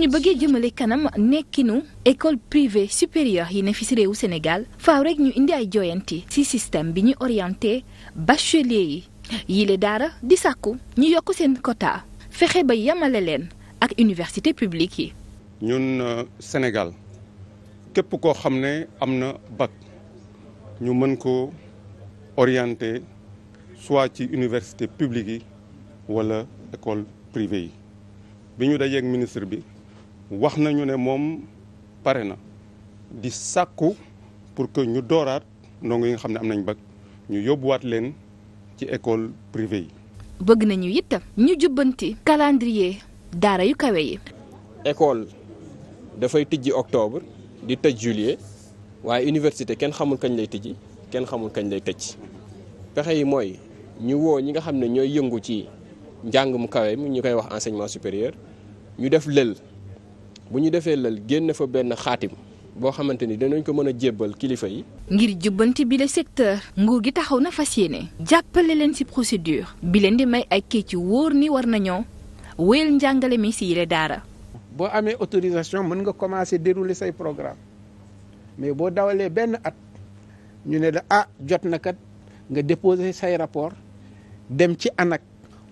ñu bëggee jëmale kanam nekkinu école privée supérieure yi ne fi si réewu Sénégal faaw rek ñu indi ay joyanti ci système bi ñu orienté bachelier yi yile daara di sàkku ñu yokk seen quota fexe ba yamale leen ak université publique yi. ñun euh, Sénégal képp koo xam ne am na bac ñu mën ko orienté soit ci université publique yi wala école privée yi bi ñu dajeeg ministre bi. wax nañu ne moom pare na di sàkku pour que ñu dooraat ndongo yi nga xam ne am nañ bac ñu yóbbuwaat leen ci école privée yi. bëgg nañu it ñu jubbanti calendrier daara yu kawe yi. école dafay tijji octobre di tëj juillet waaye université kenn xamul kañ lay tijji kenn xamul kañ lay tëj pexe yi mooy ñu woo ñi nga xam ne ñooy yëngu ci njàng mu kawe mi ñu koy wax enseignement supérieur ñu def lël. bu ñu defee lal génn fa benn xaatim boo xamante ni danañ ko mën a jébbal kilifa yi. ngir jubbanti bi le secteur nguur gi taxaw na fas yéene. jàppale leen ci procédure bi leen di may ay kayit yu wóor ni war nañoo wéyal njàngale mi ci yile daara. boo amee autorisation mën nga commencer dérouler say programme mais boo dawalee benn at ñu ne la ah jot na kat nga déposer say rapport dem ci anak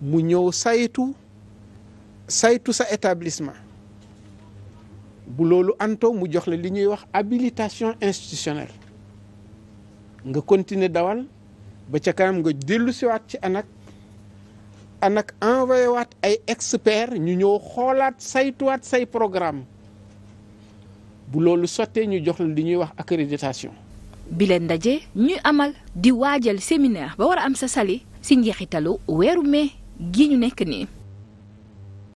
mu ñëw saytu saytu sa établissement. bu loolu antoo mu jox la li ñuy wax habilitation institutionnelle nga continuer dawal ba ca kanam nga dellu siwaat ci anak anak envoyé waat ay expert ñu ñëw xoolaat saytuwaat say programme bu loolu sottee ñu jox la li ñuy wax accréditation bi leen ndaje ñuy amal di waajal séminaire ba war a am sa sali si njeexitalu weeru mai gi ñu nekk nii